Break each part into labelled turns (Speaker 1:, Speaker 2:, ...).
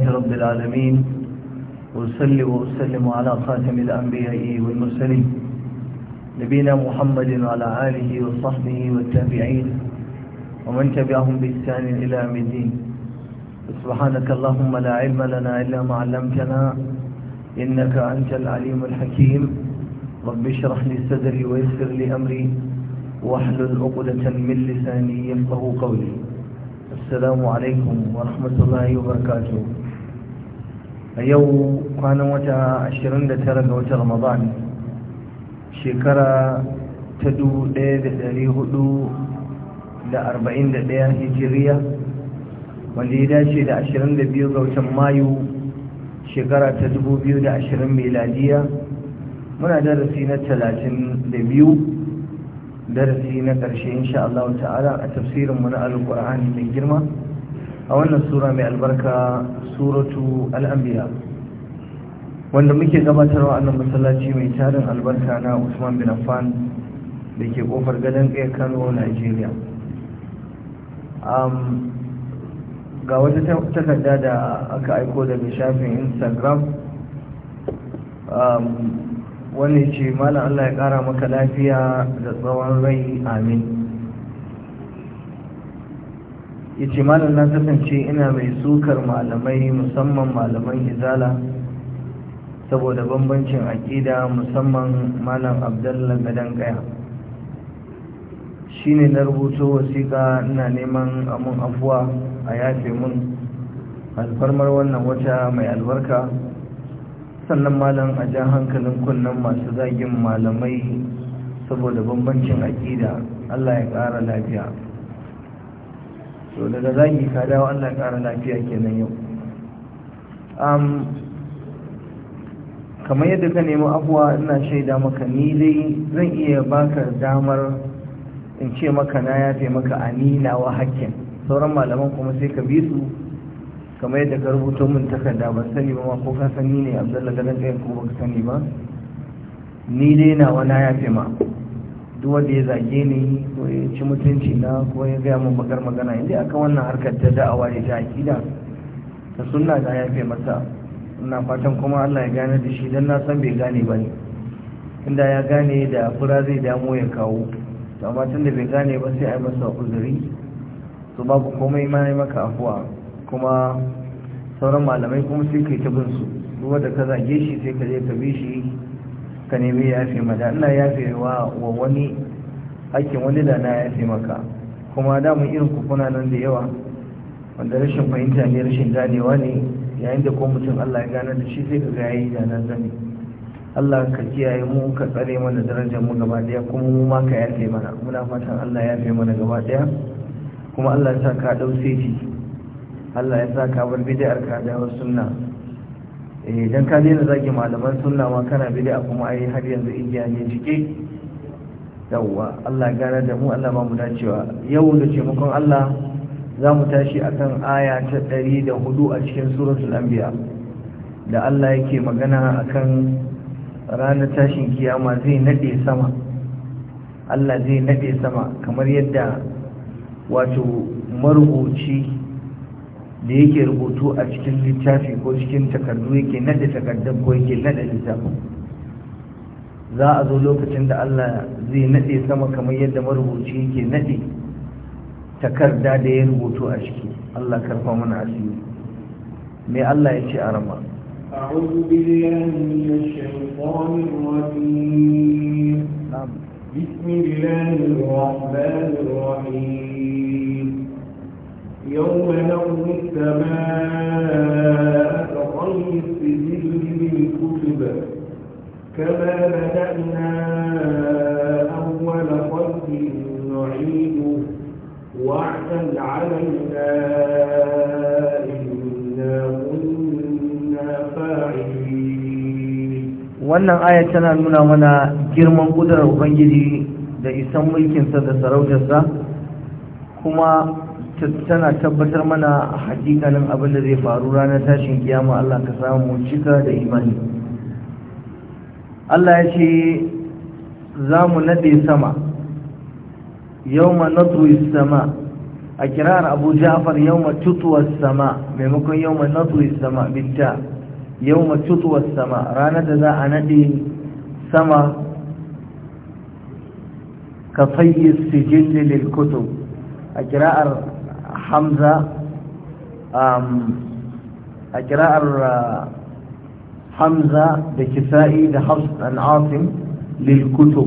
Speaker 1: رب العالمين وسلم وسلم على خاتم الأنبياء والمرسلين نبينا محمد وعلى آله وصحبه والتابعين ومن تبعهم بإحسان إلى يوم الدين سبحانك اللهم لا علم لنا إلا ما علمتنا إنك أنت العليم الحكيم رب اشرح لي صدري ويسر لي أمري واحلل عقدة من لساني يفقه قولي السلام عليكم ورحمة الله وبركاته a yau kwanan wata 29 ga wata ramadan shekara ta 1441 hijiriya wanda ya dace da 22 ga watan mayu shekara ta 2020 meladiya muna darasi na 32 darasi na ƙarshe insha Allah ta'ala a tafsirinmu na alƙur'ani mai girma a wannan sura mai albarka suratu al'ambiya wanda muke gabatarwa annan masallaci mai tarin albarka na usman bin affan da ke kofar gadon ɗaya kano nigeria ga wata takarda da aka aiko daga shafin instagram wani ce malam allah ya ƙara maka lafiya da tsawon rai amin ya ce malam na kasance ina mai sukar malamai musamman malaman izala saboda bambancin aƙida musamman malam abdallah gadon kaya shi ne na rubuto wasiƙa ina neman amin afuwa a yafe mun alfarmar wannan wata mai albarka sannan malam a jan hankalin kunnen masu zagin malamai saboda bambancin aƙida allah ya ƙara lafiya to daga zagi ka dawo Allah ƙara lafiya kenan yau kamar yadda ka nemi abuwa ina shaida maka ni dai zan iya baka damar in ce maka na ya fi maka anina wa hakkin sauran malaman kuma sai ka bi su kamar yadda ka rubuto min takarda ban sani ba ma ko ka sani ne abdullahi ganin ɗayan ko ka sani ba ni dai nawa na ya fi ma duk wanda ya zage ni ko ya ci mutunci na ko ya gaya min bakar magana inda akan wannan harkar ta da'awa da ta akida ta sunna da ya fi masa ina fatan kuma Allah ya gane da shi dan na san bai gane ba ne inda ya gane da fura zai damo ya kawo to amma tun da bai gane ba sai a yi masa uzuri to babu komai ma maka afuwa kuma sauran malamai kuma sai kai ta bin su duk wanda ka zage shi sai ka je ka bi shi ka nemi yafe mata ina fi wa wani hakkin wani da na yafe maka kuma da mu irin kukuna nan da yawa wanda rashin fahimta ne rashin ganewa ne yayin da ko mutum Allah ya gane da shi sai ka ga yayi da nan zane Allah ka kiyaye mu ka tsare mana darajar mu gaba daya kuma mu ma ka yafe mana muna fatan Allah ya yafe mana gaba daya kuma Allah ya sa ka Allah ya sa bar bid'ar ka da sunna idan eh, ka daina zagi malaman sunna ma kana a kuma ai har yanzu igiya ne cike yawwa Allah gane da mu Allah ba mu dacewa yau da taimakon Allah za mu tashi akan aya ta ɗari da hudu a cikin suratul anbiya da Allah yake magana akan ranar tashin kiyama zai nade sama Allah zai naɗe sama kamar yadda wato marubuci da yake rubutu a cikin littafi ko cikin takardu yake nada takardar ko yake nada littafin za a zo lokacin da Allah zai nade sama kamar yadda marubuci yake nade takarda da ya rubutu a ciki Allah karfa mana asiri me Allah ya ce a rama
Speaker 2: بسم الله الرحمن الرحيم يوم نوم السماء كغير السجل للكتب كما بدأنا أول خلق نعيده وعدا علينا إنا كنا فاعلين
Speaker 1: wannan aya tana nuna mana girman kudurar ubangiji da isan mulkinsa da sarautarsa kuma tana tabbatar mana hakikanin abin da zai faru ranar tashin kiyama Allah ka samu cika da imani Allah ya ce za mu nade sama yau ma natuwis sama a kirar abu ja'far yau ma tutuwar sama maimakon yau ma natuwis sama bitta yau ma tutuwar sama ranar da za a nade sama ka fayyar sijilli lil kutub a kira'ar hamza um, a kira'ar uh, hamza da kisa'i da hafs an asim lilkuto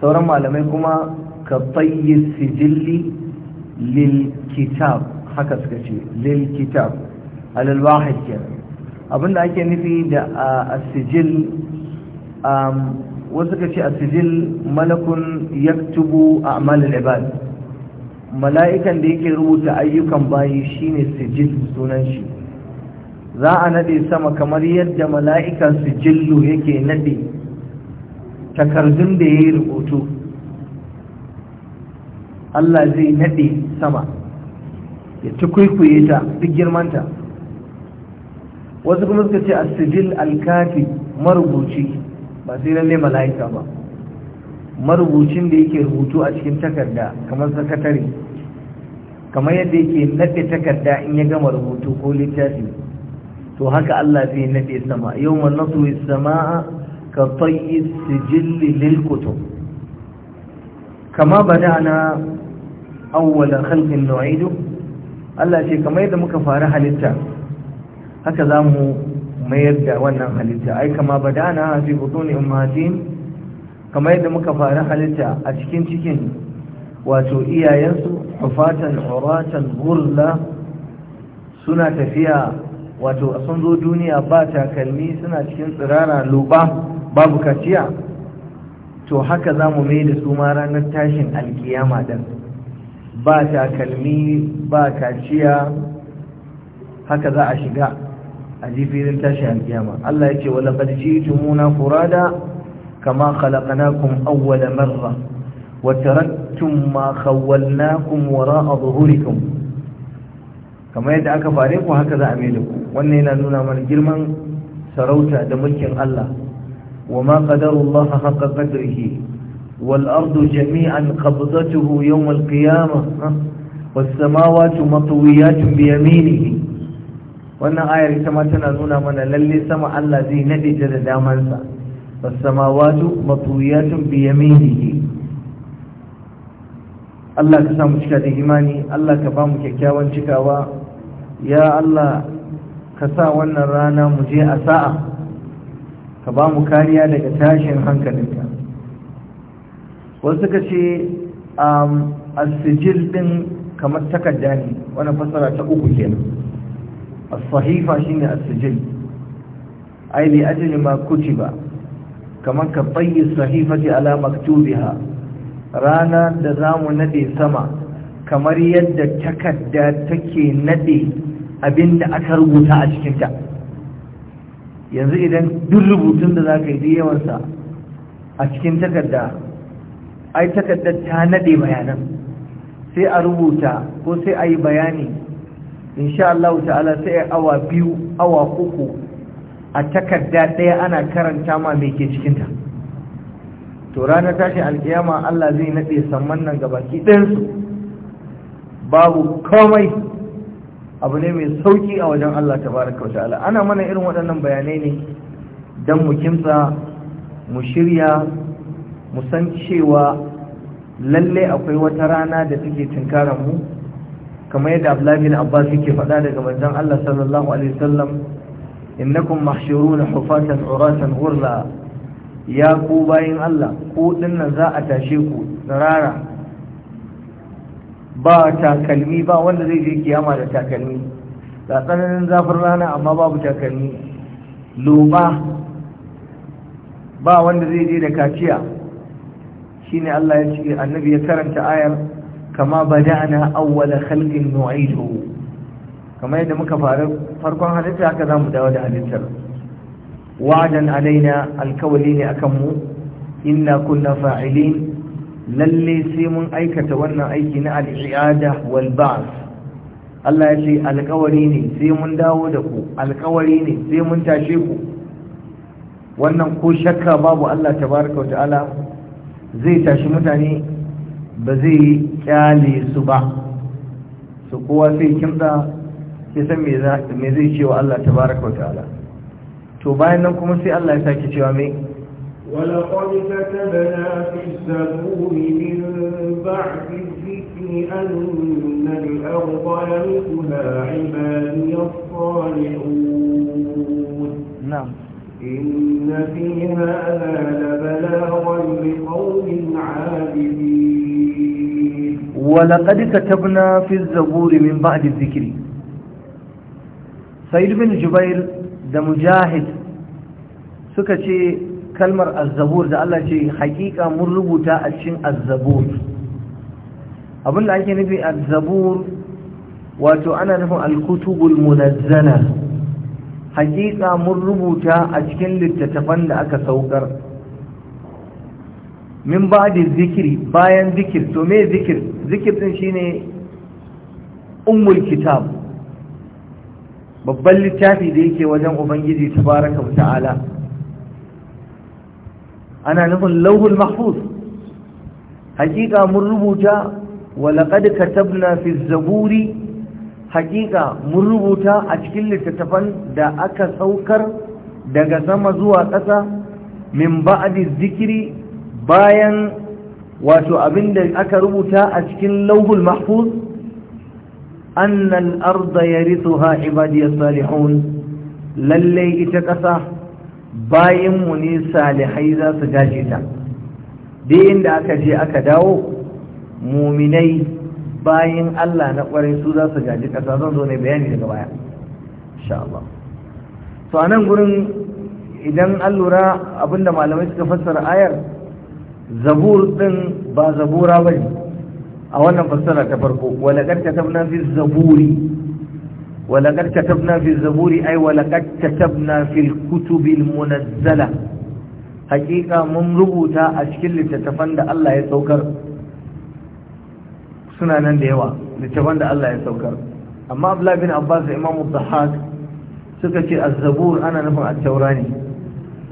Speaker 1: sauran malamai kuma ka tsayi sijilli lilkitab haka suka ce lilkitab alalwahid kenan abinda ake nufi da uh, asijil um, wasu ka ce asijil malakun yaktubu a amalin ibad mala'ikan da yake rubuta ayyukan bayi shine sijil sunan shi za a nade sama kamar yadda mala'ikan sijillu yake nade takardun da ya yi rubutu Allah zai nade sama ya kwaikwaye ta duk girmanta wasu kuma suka ce a sijil alkafi marubuci ba sai ne mala'ika ba marubucin da yake rubutu a cikin takarda kamar sakatare kamar yadda yake naɗe takarda in ya gama rubutu ko littafi to haka Allah zai naɗe sama yau man nasu sama'a ka tsayi sijilli lil kutub kama bada'na awwala halkin nu'idu Allah ce kamar yadda muka fara halitta haka za mu mayar da wannan halitta ai kama bada'na fi butuni ummatin kamar yadda muka fara halitta a cikin cikin wato iyayensu hufatan uratan gurla suna tafiya wato sun zo duniya ba takalmi suna cikin tsirara luba babu kaciya to haka za mu mai da su ma ranar tashin alkiyama din ba takalmi ba kaciya haka za a shiga a jifirin tashin alkiyama Allah ya ce wala qad ji'tumuna furada كما خلقناكم أول مرة وتركتم ما خولناكم وراء ظهوركم كما يدعك فاريق وهكذا أميلكم وأننا ننا من جرما سروت دملك الله وما قدر الله حق قدره والأرض جميعا قبضته يوم القيامة والسماوات مطويات بيمينه وأن آية سما تنا ننا من للي سما الله ذي ندي جد دامنسا fasamawatu matuyatun biyaminihi Allah ka samu cika da imani Allah ka bamu kyakkyawan cikawa ya Allah ka sa wannan rana mu je a sa'a ka ba kariya daga tashin hankalinka wasu kace ce asijil din kamar takarda ne wani fasara ta uku kenan as-sahifa shine as-sijil ai li ajli ma kutiba kamar ka tsayi sahifati ala maktubiha rana da zamu nade sama kamar yadda takarda take nade abinda aka rubuta a cikinta yanzu idan duk rubutun da za ka yi yawansa a cikin takarda ai takadda ta nade bayanan sai a rubuta ko sai a yi bayani insha Allah ta'ala sai awa biyu awa uku a takarda ɗaya ana karanta ma mai ke cikinta to ranar tashi alkiyama Allah zai naɗe samman nan baki ɗansu babu komai abu ne mai sauƙi a wajen Allah ta baraka ta'ala ana mana irin waɗannan bayanai ne don mu kimsa mu shirya mu san cewa lalle akwai wata rana da take tunkaran mu kamar yadda Abdullahi bin Abbas yake faɗa daga manzon Allah sallallahu alaihi wasallam innakum mahshuruna hufatan uratan ghurla ya ku bayin Allah ku dinnan za a tashe ku tsirara ba takalmi ba wanda zai je kiyama da takalmi ga tsananin zafin rana amma babu takalmi loba ba wanda zai je da kaciya shine Allah ya ce annabi ya karanta ayar kama bada'na awwala khalqin nu'iduhu kamar yadda muka fara farkon halitta haka za mu dawo da halittar wa'adan alaina alkawali ne akan mu inna kunna fa'ilin lalle sai mun aikata wannan aiki na al'iyada wal ba'th Allah ya ce alkawari ne sai mun dawo da ku alkawari ne sai mun tashe ku wannan ko shakka babu Allah tabaraka wa ta'ala zai tashi mutane ba zai kyale su ba su kowa sai kimtsa ya san me zai ce wa Allah tabaraka wa ta'ala to bayan nan kuma sai Allah ya sake cewa me
Speaker 2: ولقد كتبنا في الزبور من بعد الذكر أن الأرض يملكها عبادي الصالحون نعم إن في هذا لبلاغا لقوم عابدين ولقد
Speaker 1: كتبنا في الزبور من بعد الذكر sa'id bin jubair da mujahid suka ce kalmar azzabur da Allah ce haƙiƙa mun rubuta a cikin azzabur abinda ake nufi azzabur wato ana nufin alkutubul munazzala haƙiƙa mun rubuta a cikin littattafan da aka saukar min ba da zikiri bayan zikir to me zikir zikir ɗin shine ummul kitab babban littafi da yake wajen ubangiji tabaraka wa ta'ala ana nufin lauhul mahfuz hakika mun rubuta wa laqad katabna fi zaburi hakika mun rubuta a cikin littattafan da aka saukar daga sama zuwa ƙasa min ba'di zikiri bayan wato abinda aka rubuta a cikin lauhul mahfuz أن ya يرثها عبادي الصالحون للي اتكسى bayin mu ne salihai za su tashi ta da aka je aka dawo muminai bayin Allah na kwarai su za su gaji kasa zan zo bayani daga baya insha to anan gurin idan an lura abinda malamai suka fassara ayar zabur ɗin ba zabura bane a wannan fassara ta farko walaqad katabna fi zaburi walaqad katabna fi zaburi ay walaqad katabna fil kutubil munazzala hakika mun rubuta a cikin littattafan da Allah ya saukar suna nan da yawa littattafan da Allah ya saukar amma Abdullah bin Abbas da Imam Dhahak suka ce az-zabur ana nufin at-taura ne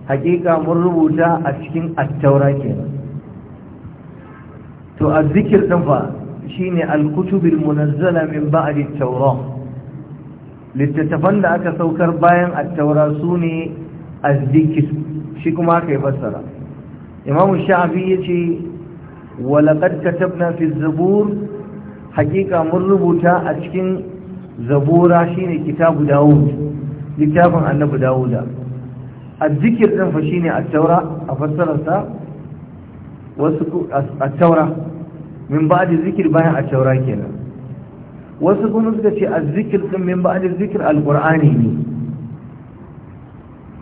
Speaker 1: hakika mun rubuta a cikin at-taura kenan to a zikir din fa shine al-kutubil munazzala min ba'd taura littattafan da aka saukar bayan at-taura a azzikir shi kuma aka yi fassara imam shafi yace wa laqad katabna fi zabur Haƙiƙa mun rubuta a cikin zabura shine kitabu daud littafin Dawuda. A zikir din fa shine at-taura a fassararsa wasu at-taura min ba'di zikir bayan a taura kenan wasu kuma suka ce a zikir ɗin min ba'di zikir alqur'ani ne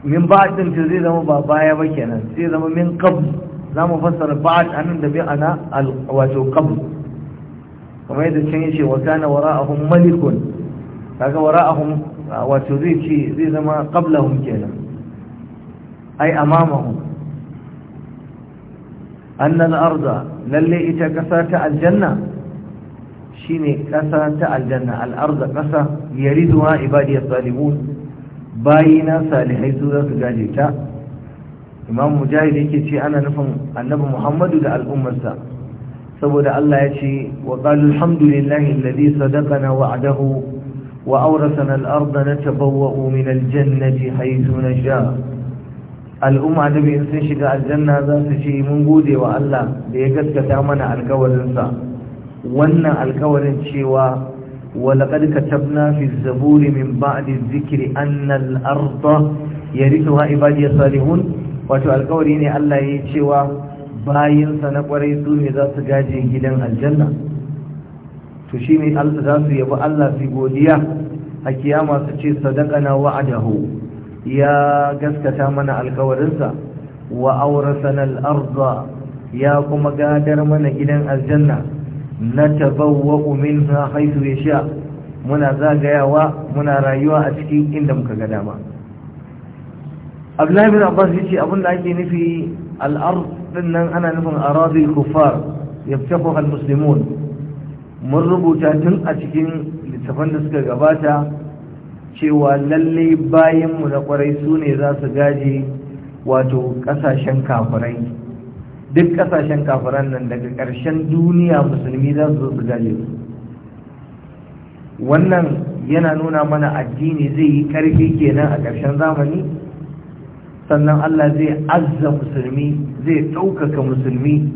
Speaker 1: min ba'd din zai zama ba baya ba kenan sai zama min za mu fassara a nan da bi ana wato qabl kamar yadda can yace wa kana wara wara'ahum malikun kaga wara'ahum wato zai ce zai zama qablahum kenan ai amamahum anna al-arda lalle ita ƙasa ta aljanna shine ƙasa ta aljanna al'arza ƙasa yariduha ibadiyas salihun bayina salihai su za su gaje ta imam mujahid yake ce ana nufin annabi muhammadu da al'ummarsa saboda Allah ya ce wa qalu alhamdulillahi alladhi sadaqana wa'adahu wa awrasana al-ardha natabawwa'u min al-jannati haythu nasha' al'umma annabi in sun shiga aljanna za su ce mun gode wa Allah da ya gaskata mana alkawarinsa wannan alkawarin cewa ولقد كتبنا في الزبور من بعد الذكر أن الأرض يرثها عبادي salihun wato alkawari ne Allah ya yi cewa sa na kwarai su ne za su gaje gidan aljanna to shi ne za su yabi Allah su godiya a kiyama su ce sadaqana wa'adahu ya gaskata mana alkawarinsa wa aurasana al ya kuma gadar mana gidan aljanna natabawwa'u minha haythu yasha muna zagayawa muna rayuwa a ciki inda muka ga dama Abdullahi bin Abbas yace abinda ake nufi al-ard ana nufin aradi kuffar yabtaquha al-muslimun mun rubuta tun a cikin littafan da suka gabata cewa lalle bayanmu na kwarai su ne za su gaje wato kasashen kafirai duk kasashen kafiran nan daga ƙarshen duniya musulmi za su zo su gaje su wannan yana nuna mana addini zai yi ƙarfi kenan a ƙarshen zamani sannan Allah zai azza musulmi zai ɗaukaka musulmi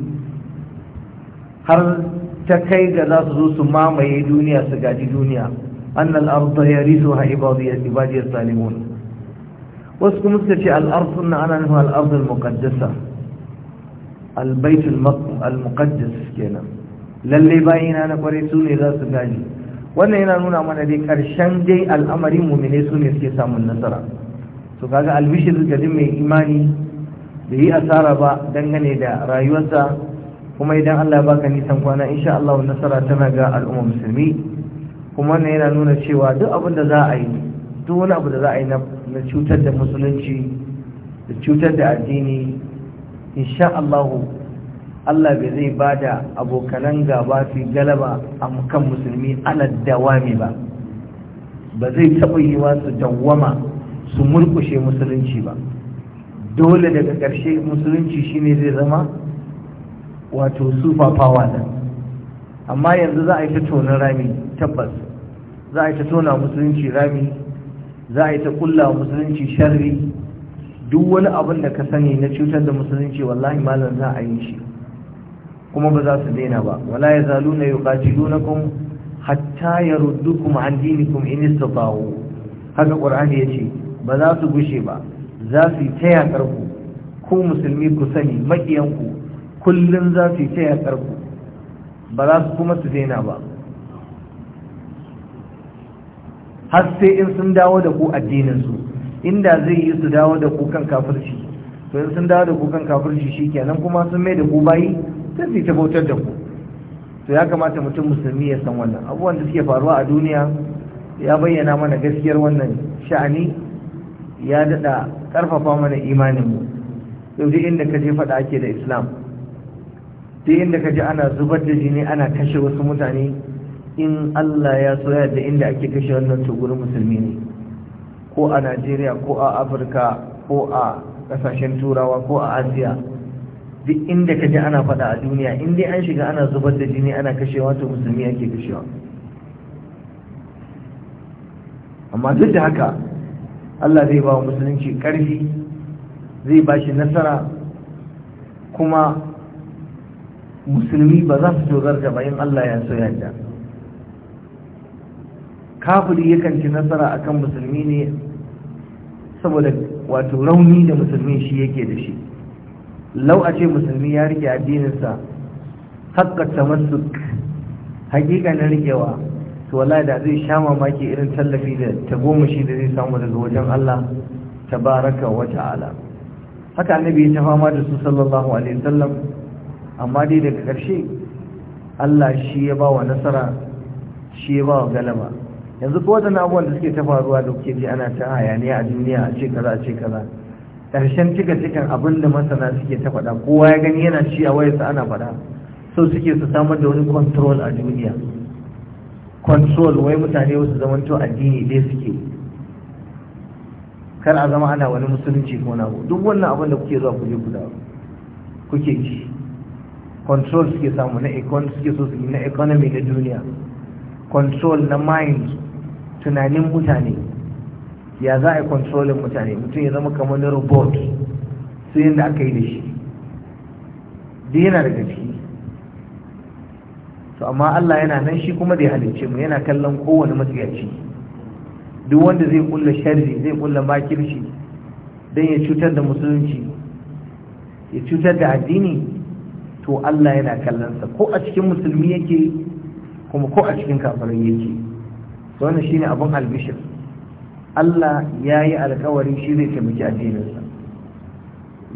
Speaker 1: har ta kai ga za su zo su mamaye duniya su gaji duniya anna al-ardh yarithuha ibadiy ibadiy al-zalimun wasku muska ce al-ardh inna ana nahu al-ardh al-muqaddasa al-bayt al-muqaddas kana lalle bayina na kwarai, su ne za su gani wannan yana nuna mana dai karshen dai al'amarin mu'mini su ne suke samun nasara to kaga al-bishr ga mai imani da yi asara ba dangane da rayuwarsa kuma idan Allah ya baka nisan kwana insha Allah nasara tana ga al'umma musulmi kuma ne yana nuna cewa duk abin da za a yi duk wani abu da za a yi na cutar da musulunci da cutar da addini insha Allahu Allah bai zai ba da abokanan gaba su galaba a kan musulmi ana dawami ba ba zai taɓa wa su dawama su murkushe musulunci ba dole daga ƙarshe musulunci shine zai zama wato super power amma yanzu za a yi ta tonin rami tabbas za a yi ta tona musulunci rami za a yi ta kulla musulunci sharri duk wani abin da ka sani na cutar da musulunci wallahi malam za a yi shi kuma ba za su daina ba wala ya zalu na yi kuma? hatta ya kuma an kuma in bawo. haka ƙur'ani ya ce ba za su gushe ba za su yi ta yaƙar ku ku musulmi ku sani maƙiyanku kullum za su yi ta yaƙar ku ba za su kuma su daina ba har sai in sun dawo da ku addininsu inda zai yi su dawo da ku kan kafirci to in sun dawo da ku kan kafirci kenan kuma sun mai da ku bayi sai su ta bautar da ku to ya kamata mutum musulmi ya san wannan abubuwan da suke faruwa a duniya ya bayyana mana gaskiyar wannan sha'ani ya daɗa ƙarfafa mana imaninmu yau duk inda ka je faɗa ake da islam duk inda ka ji ana zubar da jini ana kashe wasu mutane in Allah ya so da inda ake kashe wannan to gurin musulmi ne ko a Najeriya ko a Afirka ko a kasashen turawa ko a Asiya duk inda ka ji ana faɗa a duniya in dai an shiga ana zubar da jini ana kashe wato musulmi ake kashewa amma duk da haka Allah zai ba musulunci ƙarfi zai ba shi nasara kuma musulmi ba za su dogarta ba in Allah ya so yadda kafiri yakan ci nasara akan musulmi ne saboda wato rauni da musulmi shi yake da shi lau a ce musulmi ya rike addininsa haƙƙa tamassuk haƙiƙanin rikewa to wallahi da zai sha mamaki irin tallafi da ta goma shi da zai samu daga wajen Allah tabaraka wa ta'ala haka annabi ya ta fama da su sallallahu alaihi wasallam amma dai daga ƙarshe Allah shi ya ba wa nasara shi ya ba wa galaba yanzu ko wata abubuwan da suke ta faruwa da kuke ji ana ta hayaniya a duniya a ce kaza a ce kaza ƙarshen cika cikin abin da masana suke ta faɗa kowa ya gani yana ci a wayarsa ana faɗa so suke su samar da wani control a duniya control wai mutane wasu to addini dai suke kar a zama ana wani musulunci ko na duk wannan abin da kuke zuwa ku je ku dawo kuke ji. control suke samu na economy na duniya control na mind tunanin mutane ya za a yi controlin mutane mutum ya zama kamar na robot su yadda aka yi da shi duk yana daga ciki to amma Allah yana nan shi kuma da ya halicce mu yana kallon kowane matsayaci duk wanda zai kulla sharri zai kulla makirci don ya cutar da musulunci ya cutar da addini to Allah yana kallonsa ko a cikin musulmi yake kuma ko a cikin kafirai yake to wannan shine abin albishir Allah yi alƙawari shi zai taimaki addininsa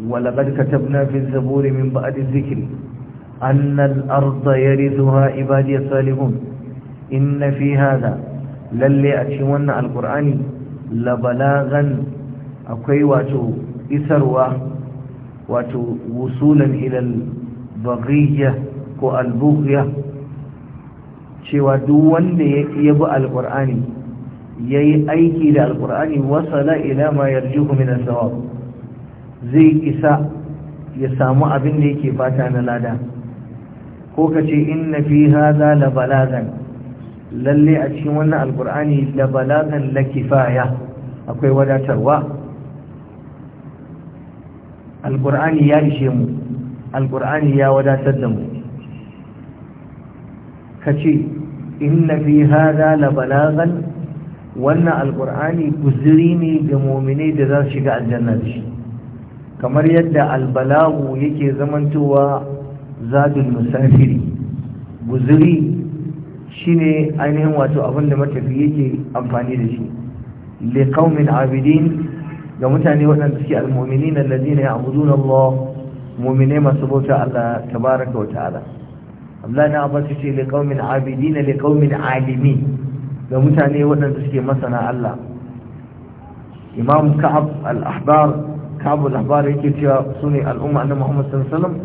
Speaker 1: walaqad katabna fi zaburi min ba'di dhikri anna al-arda yarithuha ibadi salihun na fi hadha lalle a cikin wannan alkur'ani labalagan akwai wato isarwa wato wusulan ilal bagiyya ko albughiya cewa duk wanda ya bi ya yayi aiki da alkur'ani wasala ila ma yarjuhu min as-sawab zai isa ya samu abin da yake fata na lada ko kace inna fi hadha la balagan lalle a cikin wannan alqur'ani la balagan la kifaya akwai wadatarwa alkur'ani ya ishe mu alƙur'ani ya wadatar da mu ka ce inna fi hada la wannan alƙur'ani guziri ne ga muminai da za su shiga aljanna da shi kamar yadda albalagu yake zamantowa zadul musafiri guziri shine ainihin wato abinda da matafi yake amfani da shi liqaumin abidin ga mutane waɗanda suke ya alladhina ya'buduna Allah mu'mine masu bauta Allah tabaraka wa ta'ala Abdullahi na Abbas ce li qaumin abidin li qaumin Alimi. ga mutane waɗanda suke masana Allah Imam Ka'ab al-Ahbar Ka'ab al-Ahbar yake cewa sune al'umma annabi Muhammad sallallahu alaihi wasallam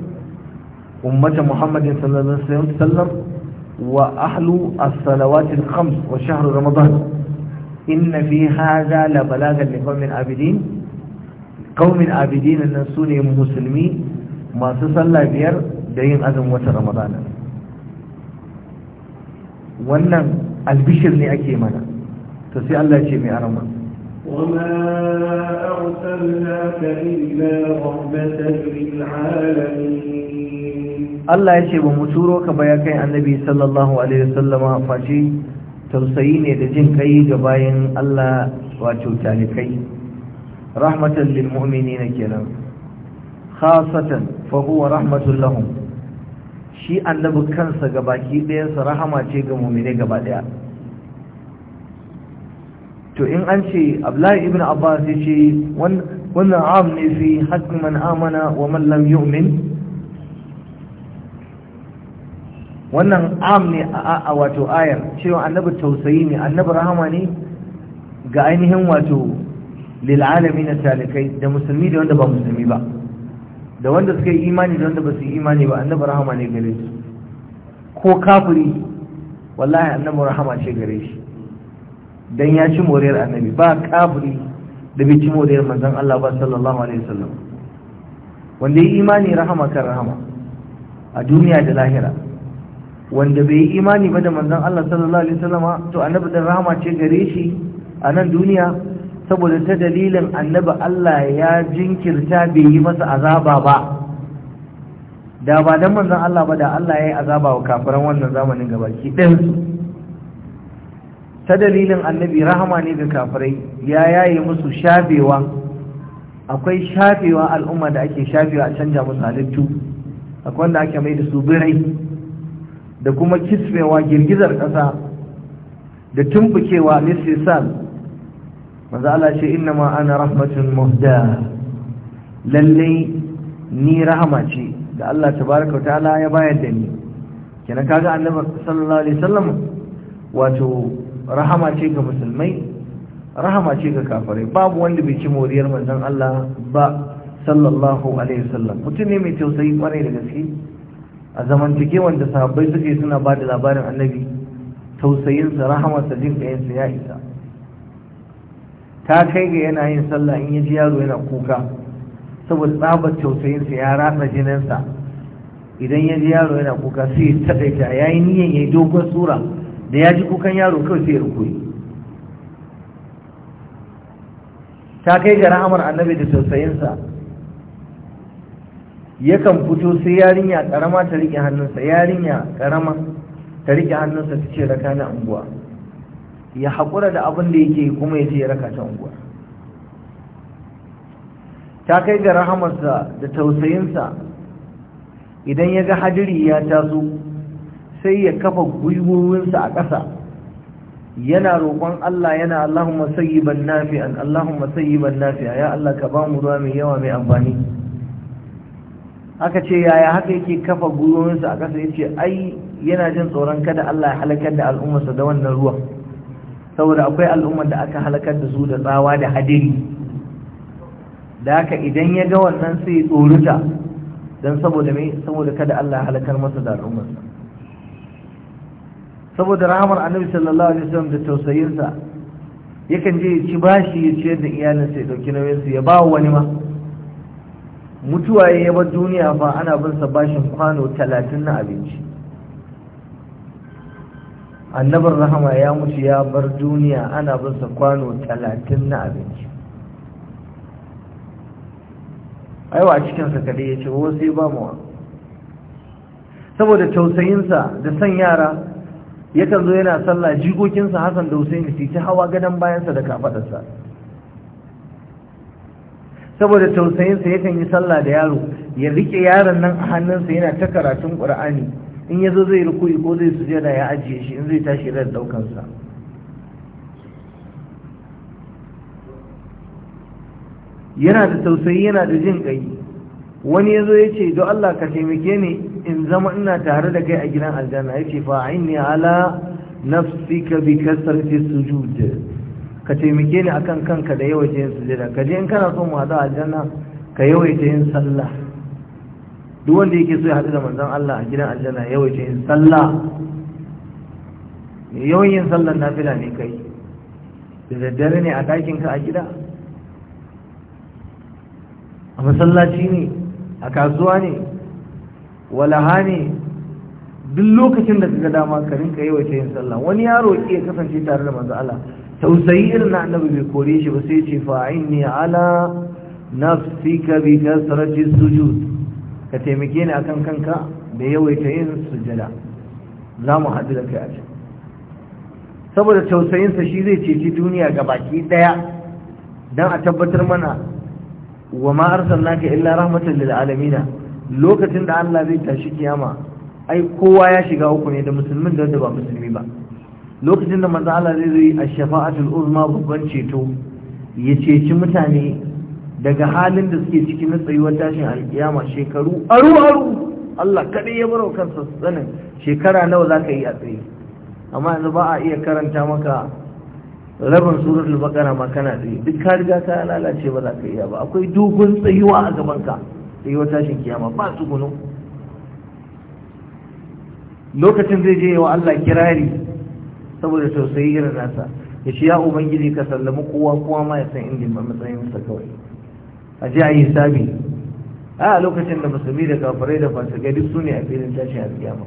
Speaker 1: ummata Muhammadin sallallahu alaihi wasallam wa ahlu as-salawat al-khams wa shahr ramadan fi في هذا لبلاغا لقوم عابدين قوم عابدين أن سنة مسلمين masu sallah biyar da yin azumin wata ramadana wannan albishir ne ake mana to sai Allah ce mai arama
Speaker 2: وَمَا أَرْسَلْنَاكَ إِلَّا رَحْمَةً
Speaker 1: Allah ya ce ba mu turo ka baya kai annabi sallallahu alaihi wasallama faji tausayi ne da jin kai ga bayan Allah wato talikai rahmatan lil mu'minina kenan khasatan fa huwa rahmatul lahum shi annabi kansa ga baki sa rahama ce ga mu'mine gaba ɗaya to in an ce abdullahi ibn abbas yace wannan am ne fi haqqi man amana wa man lam yu'min wannan am ne a wato ayar cewa annabi tausayi ne annabi rahama ne ga ainihin wato lil alamin talikai da musulmi da wanda ba musulmi ba da wanda suka yi imani da wanda ba su yi imani ba annabi rahama ne gare su ko kafiri wallahi annabi rahama ce gare shi dan ya ci moriyar annabi ba kafiri da bai ci moriyar manzon Allah ba sallallahu alaihi wasallam wanda yi imani rahama kan rahama a duniya da lahira wanda bai yi imani ba da manzon Allah sallallahu alaihi wasallama to annabi da rahama ce gare shi a nan duniya saboda ta dalilin annabi Allah ya jinkirta bai yi masa azaba ba da ba dan manzon Allah ba da Allah ya yi azaba wa kafiran wannan zamanin gabaki ɗinsu ta dalilin annabi rahama ne ga kafirai ya yaye musu shafewa akwai shafewa al'umma da ake shafewa a canja musu halittu akwai wanda ake mai da su birai da kuma kisfewa girgizar ƙasa da tumbukewa nisisal manzo Allah ce ma ana rahmatun muhda Lallai ni rahama ce da Allah tabaaraka ta'ala ya bayar da ni kenan kaga annabi sallallahu alaihi wasallam wato rahama ce ga musulmai rahama ce ga kafirai babu wanda bai ci moriyar manzon Allah ba sallallahu alaihi wasallam mutum ne mai tausayi kwarai da gaske a zamantake wanda sahabbai suke suna ba da labarin annabi tausayinsa rahamarsa jin ɗayansa ya isa ta kai ga yana yin sallah in ya ji yaro yana kuka saboda tsabar tausayinsa ya ratsa jininsa idan ya ji yaro yana kuka sai ta taɗaita ya yi niyan ya yi dogon sura da ya ji kukan yaro kawai sai ya rukuyi ta kai ga rahamar annabi da tausayinsa yakan fito sai yarinya karama ta rike hannunsa yarinya karama ta riƙe hannunsa ta ce raka na unguwa ya haƙura da abin da yake kuma ya ce ya raka ta unguwa ta kai ga rahamarsa da tausayinsa idan ya ga hadiri ya taso sai ya kafa gwiwowinsa a ƙasa yana roƙon Allah yana Allahumma sayyiban nafi'an Allahumma sayyiban nafi'a ya Allah ka ba mu ruwa mai yawa mai amfani aka ce yaya haka yake kafa gwiwowinsa a ƙasa yace ai yana jin tsoron kada Allah ya halakar da al'ummarsa da wannan ruwan saboda akwai al'ummar da aka halakar da su da tsawa da hadiri da haka idan ya ga wannan sai tsoruta don saboda mai saboda kada Allah halakar masa da al'ummarsa saboda rahamar annabi sallallahu alaihi wasallam da tausayinsa yakan je ya ci bashi ya ciyar da iyalinsa ya dauki nauyinsa ya ba wani ma mutuwa ya bar duniya fa ana bin sa bashin kwano talatin na abinci Annabar rahama ya mutu ya bar duniya ana sa kwano talatin na abinci aiwa cikinsa kadai ya ce wasu sai ba mawa saboda tausayinsa da san yara yakan zo yana sallah jikokinsa hassan da husaini su ta hawa gadon bayansa da kafadarsa saboda tausayinsa yakan yi sallah da yaro ya rike yaron nan a hannunsa yana ta karatun ƙur'ani in ya zo zai rukuyi ko zai sujada ya ajiye shi in zai tashi da daukan yana da tausayi yana da jin kai wani yazo yace don Allah ka taimake ni in zama ina tare da kai a gidan aljanna yace fa inni ala ka bi kasrati sujud ka taimake ni akan kanka da yawaita yin sujada ka je in kana so mu hada aljanna ka yawaita yin sallah duk wanda yake so ya haɗu da manzon Allah a gidan aljanna yawaita yin sallah yawan yin sallar nafila ne kai da daddare ne a ɗakin ka a gida a masallaci ne a kasuwa ne walaha ne duk lokacin da ka dama ka rinka yawaita yin sallah wani yaro ya kasance tare da manzo Allah tausayi irin na annabi bai kore shi ba sai ce fa'in ne ala nafsika bi kasrati sujud ka taimake ni akan kanka da yawaita yin sujada za mu haɗu da kai a can saboda tausayinsa shi zai ceci duniya ga baki ɗaya don a tabbatar mana wa ma naka illa rahmatan lil alamina lokacin da Allah zai tashi kiyama ai kowa ya shiga uku ne da musulmin da ba musulmi ba lokacin da manzo Allah zai zai a shafaatul uzma babban ceto ya ceci mutane daga halin da suke cikin na tsayuwar tashin alkiyama shekaru aru aru Allah kaɗai ya baro kansa sanin shekara nawa za ka yi a tsaye amma yanzu ba a iya karanta maka rabin surar al ma kana tsaye duk ka riga ka lalace ba za ka iya ba akwai dogon tsayuwa a gaban ka tsayuwar tashin kiyama ba su gunu lokacin zai je wa Allah kirari saboda tausayi irin nasa ya shi ya ubangiji ka sallami kowa kowa ma ya san inda matsayinsa kawai a ji a yi hisabi a lokacin da musulmi da kafirai da fasikai duk su ne a filin tashi a kiyama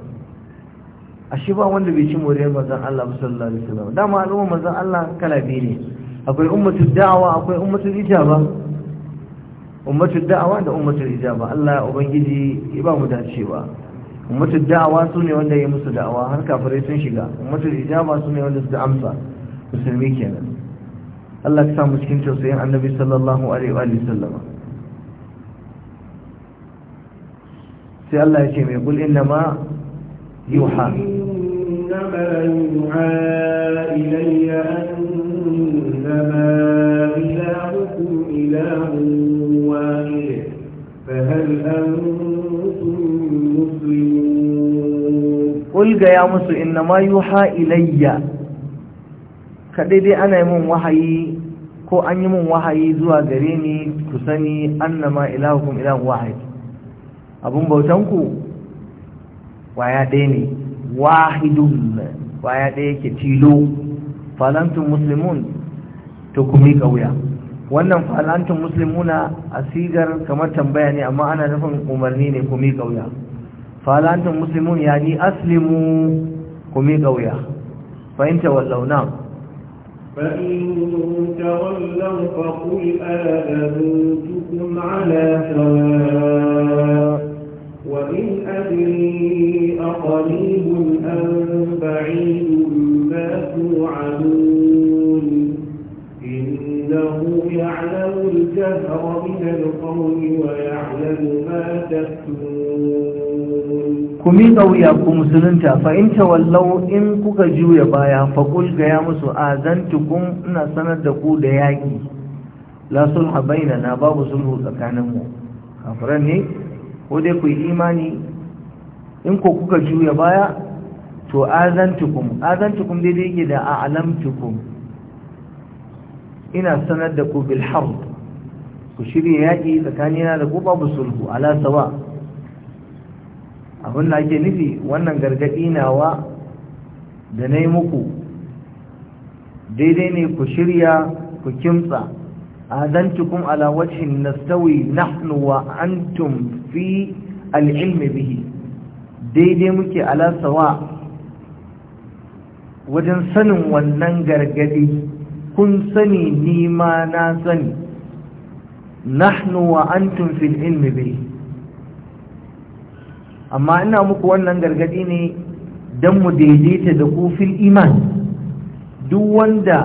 Speaker 1: a shi ba wanda bai ci moriyar mazan Allah sallallahu alaihi wasallam dama al'umma manzon Allah kala biyu ne akwai ummatu da'awa akwai ummatu ijaba ummatu da'awa da ummatu ijaba Allah ya ubangiji ya ba mu dacewa ummatu da'awa su ne wanda ya musu da'awa har kafirai sun shiga Ummatu ijaba su ne wanda suka amsa musulmi kenan الله كسام مسكين توصيه عن النبي صلى الله عليه وآله وسلم سي الله يجيم يقول إنما يوحى
Speaker 2: إنما يوحى إلي أنما إلهكم إله واحد فهل أنتم مسلمون
Speaker 1: قل يا مسلم إنما يوحى إلي kaɗai dai ana yi mun wahayi ko an yi mun wahayi zuwa gare ni ku sani annama ilahukum ilahu wahid abun bautanku waya ɗaya ne wahidun waya ɗaya yake tilo falantun muslimun to ku mi wuya wannan falantun muslimuna a sigar kamar tambaya ne amma ana nufin umarni ne ku mi wuya falantun muslimun ya ni aslimu ku miƙa wuya fahimta wallauna
Speaker 2: فإن تولوا فقل آذنتكم على سواء وإن أدري أقريب أم بعيد ما توعدون إنه يعلم الجهر من القول ويعلم ما تكتمون ku miƙa wuya ku
Speaker 1: musulunta fa in wallau in kuka juya baya fa kul ga ya musu tukun ina sanar da ku da yaƙi la sulha na babu sulhu tsakanin mu kafiran ne ko dai ku yi imani in ko kuka juya baya to azantukum tukun dai dai da tukun. ina sanar da ku bilhar ku shirya yaƙi tsakanina da ku babu sulhu ala sawa' abin da ake nufi wannan gargaɗi nawa da na yi muku daidai ne ku shirya ku kimtsa kun ala na nastawi nahnu wa antum fi al'ilmi bihi daidai muke alasawa. wajen sanin wannan gargadi kun sani ni ma na sani nahnu wa antum fil ilmi bihi amma ina muku wannan gargadi ne don mu daidaita da kufin iman duk wanda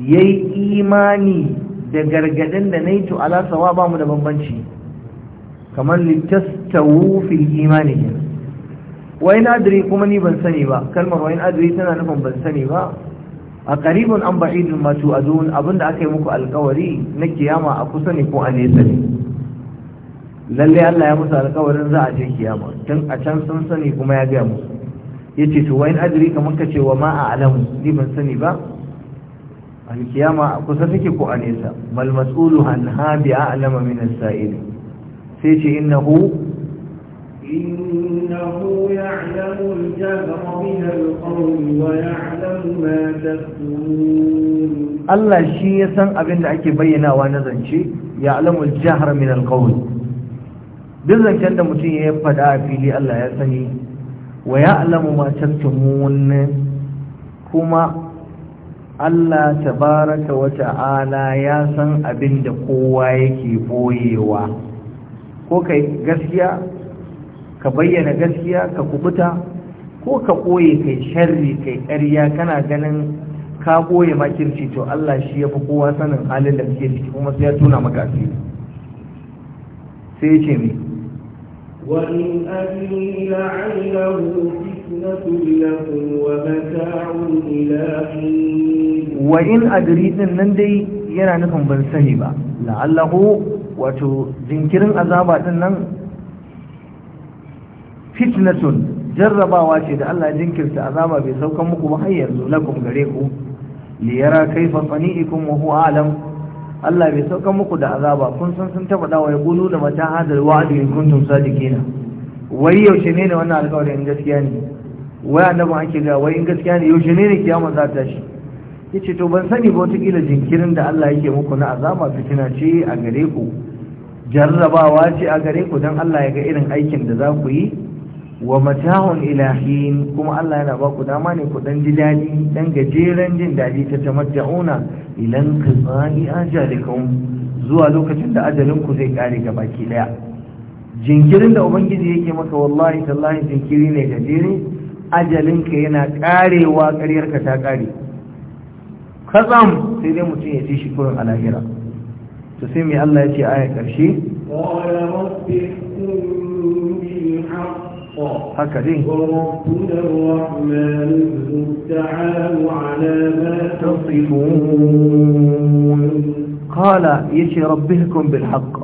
Speaker 1: ya yi imani da gargadin da na yi to alasawa ba mu da bambanci kamar littastawu fil imani wayan adri kuma ni ban sani ba kalmar wayan adri tana nufin ban sani ba a karibin an a masu azun abinda aka yi muku alkawari na kiyama a kusa ne ko a nesa ne Lallai Allah ya musu alƙawarin za a je kiyama tun a can sun sani kuma ya gaya musu ce to wayin adri kamar ka ce wa ma a alamu ni ban sani ba alkiyama a kusa take ko a nesa mal mas'ulu an habi a'lama min as-sa'il sai ce innahu
Speaker 2: innahu ya'lamu al-jahra min al-qawli wa ya'lamu ma taktumun
Speaker 1: Allah shi ya san abin da ake wa na zance ya'lamu al-jahra min al-qawli duk zancen da mutum ya faɗa a fili Allah ya sani wa ya alamu ma tumuni kuma Allah tabaraka wa ta'ala ya san abin da kowa yake boyewa ko kai gaskiya ka bayyana gaskiya ka kubuta ko ka koye kai sharri kai ƙarya kana ganin ka ɓoye makirci to Allah shi ya fi kowa sanin halin da kake ciki kuma sai ya tuna maka asiri sai ya ce mai
Speaker 2: وإن أدري لعله فتنة لكم ومتاع إلى حين وإن أدري
Speaker 1: nan dai yana nufin ban sani ba la'allahu wato jinkirin azaba din nan fitnatun jarrabawa ce da Allah jinkirta azaba bai saukan muku ba har yanzu lakum gare ku liyara kaifa sani'ikum wa huwa alam Allah bai saukan muku da azaba kun san sun taba dawa ya kulu da mata hadal wa'adi in kuntum sadiqina wai yaushe ne wannan in gaskiya ne wai annabi ake ga wai in gaskiya ne yaushe ne ne kiyama za ta shi yace to ban sani ba wata kila jinkirin da Allah yake muku na azaba fitina ce a gare ku jarrabawa ce a gare ku don Allah ya ga irin aikin da za ku yi wa mata'un ilahin kuma Allah yana baku dama ne ku dan ji dadi dan gajeren jin dadi ta tamatta'una ilan qisani ajalikum zuwa lokacin da ajalin ku zai kare ga baki daya jinkirin da ubangiji yake maka wallahi tallahi jinkiri ne gajere ajalin ka yana karewa ƙaryar ka ta kare kazam sai dai mutum ya ci shi kurin alahira to sai mai Allah ya ce aya karshe
Speaker 2: qala rabbi haka din qala
Speaker 1: yashi rabbihukum bil haqq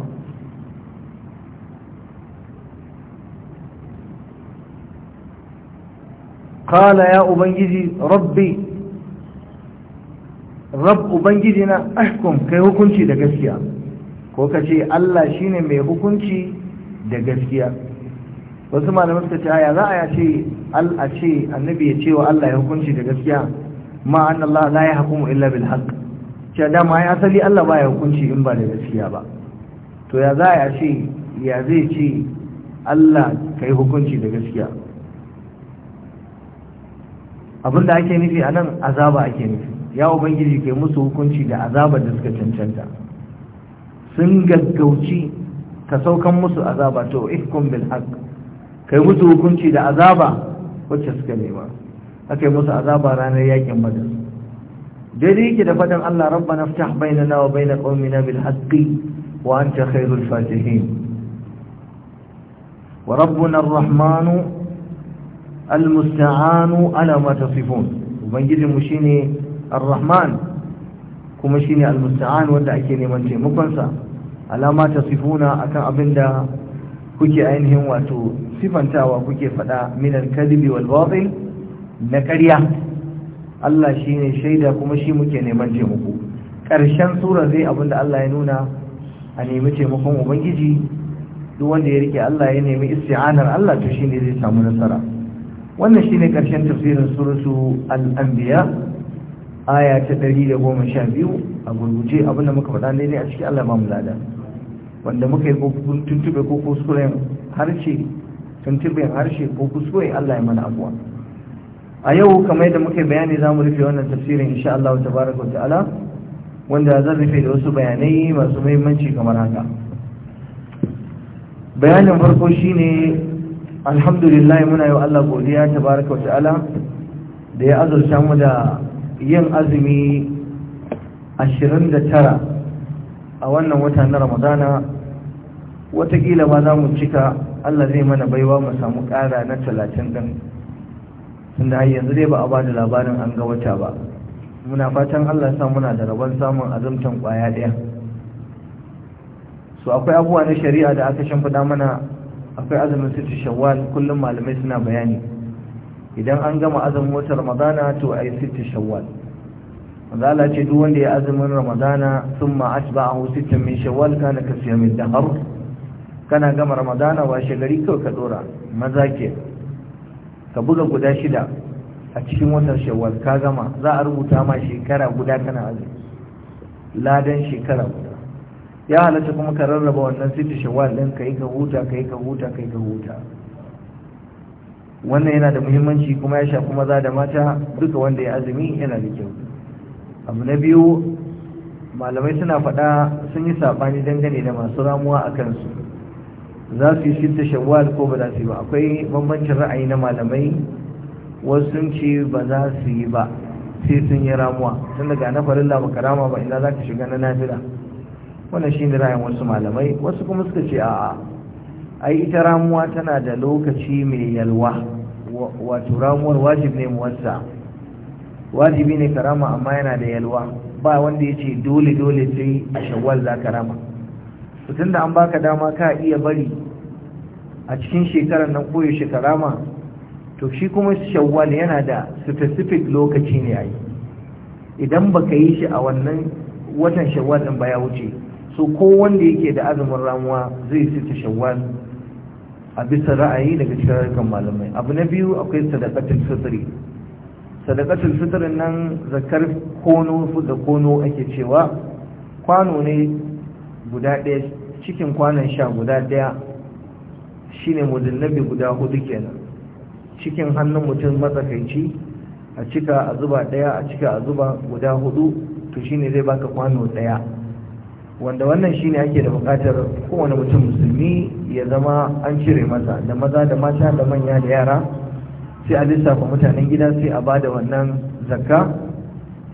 Speaker 1: qala ya ubangiji rabbi rabb ubangijina ahkum kai hukunci da gaskiya ko kace Allah shine mai hukunci da gaskiya wasu malamai suka ce aya za a ce al a ce annabi ya ce wa Allah ya hukunci da gaskiya ma annallahu la yahkumu illa bil haqq cewa da ma ya asali Allah ba ya hukunci in ba da gaskiya ba to ya za a ce ya zai ce Allah kai hukunci da gaskiya abinda ake nufi a nan azaba ake nufi ya ubangiji kai musu hukunci da azabar da suka cancanta sun gaggauci ka saukan musu azaba to ifkum bil haqq kai musu hukunci da azaba wacce suka nema aka yi musu azaba ranar yakin badar daidai yake da faɗan Allah rabbana ftah bainana wa bainal qaumina bil haqqi wa anta khairul fatihin wa rabbuna ar-rahmanu al mustaan ala ma tasifun ubangijinmu shine ar-rahman kuma shine al-musta'an wanda ake neman taimakon sa alama tasifuna akan abinda kuke ainihin wato sifantawa kuke faɗa minan kadibi wal batil na ƙarya Allah shine shaida kuma shi muke neman taimako ƙarshen sura zai abinda Allah ya nuna a nemi taimakon ubangiji duk wanda ya rike Allah ya nemi isti'anar Allah to shine zai samu nasara wannan shine ƙarshen tafsirin suratu al aya ta 112 a gurguje abinda muka faɗa ne a cikin Allah ba mu lada wanda muka yi tuntube ko kuskuren harshe tuntuben harshe ko kuskure Allah ya mana abuwa a yau kamar yadda muka bayani za mu rufe wannan tafsirin insha Allah baraka wa ta'ala wanda zan rufe da wasu bayanai masu muhimmanci kamar haka bayanin farko shine alhamdulillah muna yi wa Allah godiya tabaraka wa ta'ala da ya azurta mu da yin azumi 29 a wannan wata na Ramadana watakila ba za mu cika Allah zai mana baiwa mu samu ƙara na talatin ɗin tunda har yanzu dai ba a bada labarin an ga wata ba muna fatan Allah sa muna da rabon samun azumtan ƙwaya ɗaya so akwai abubuwa na shari'a da aka shimfiɗa mana akwai azumin sittu shawwal kullum malamai suna bayani idan an gama azumin wata ramadana to a yi sittu shawwal mazala ce duk wanda ya azumin ramadana sun ma'ash ba'ahu sittin min shawwal kana kasiyamin dahar kana gama ramadana washe gari kawai ka dora maza ke ka buga guda shida a cikin watan shawwal ka gama za a rubuta ma shekara guda kana azumi ladan shekara guda ya halatta kuma ka rarraba wannan sita shawwal din kai ka huta kai ka huta kai ka huta wannan yana da muhimmanci kuma ya shafi maza da mata duka wanda ya azumi yana da kyau abu na biyu malamai suna faɗa sun yi saɓani dangane da masu ramuwa a kansu za su yi shidda shawwal ko ba za su yi ba akwai bambancin ra'ayi na malamai wasu sun ce ba za su yi ba sai sun yi ramuwa sun daga na farin ba karama ba ina za ka shiga na nafira wannan shi ne ra'ayin wasu malamai wasu kuma suka ce a'a ai ita ramuwa tana da lokaci mai yalwa wato ramuwar wajib ne muwassa wajibi ne karama amma yana da yalwa ba wanda ya ce dole dole sai a shawwal za ka rama tun da an baka dama ka iya bari a cikin shekarar nan koyo shekara ma to shi kuma shawwal yana da specific lokaci ne ai idan baka yi shi a wannan watan shawwal din ba ya wuce so ko wanda yake da azumin ramuwa zai sita shawwal a bisa ra'ayi daga cikin malamai abu na biyu akwai sadaqatul fitri Sadakatun fitrin nan zakar kono da kono ake cewa kwano ne guda ɗaya cikin kwanan sha guda ɗaya shine mudullabi guda hudu kenan cikin hannun mutum matsakaici a cika a zuba ɗaya a cika a zuba guda hudu to shi ne zai baka kwano ɗaya wanda wannan shi ne ake da buƙatar kowane mutum musulmi ya zama an cire masa da maza da mata da manya da yara sai a lissafa mutanen gida sai a ba da wannan zakka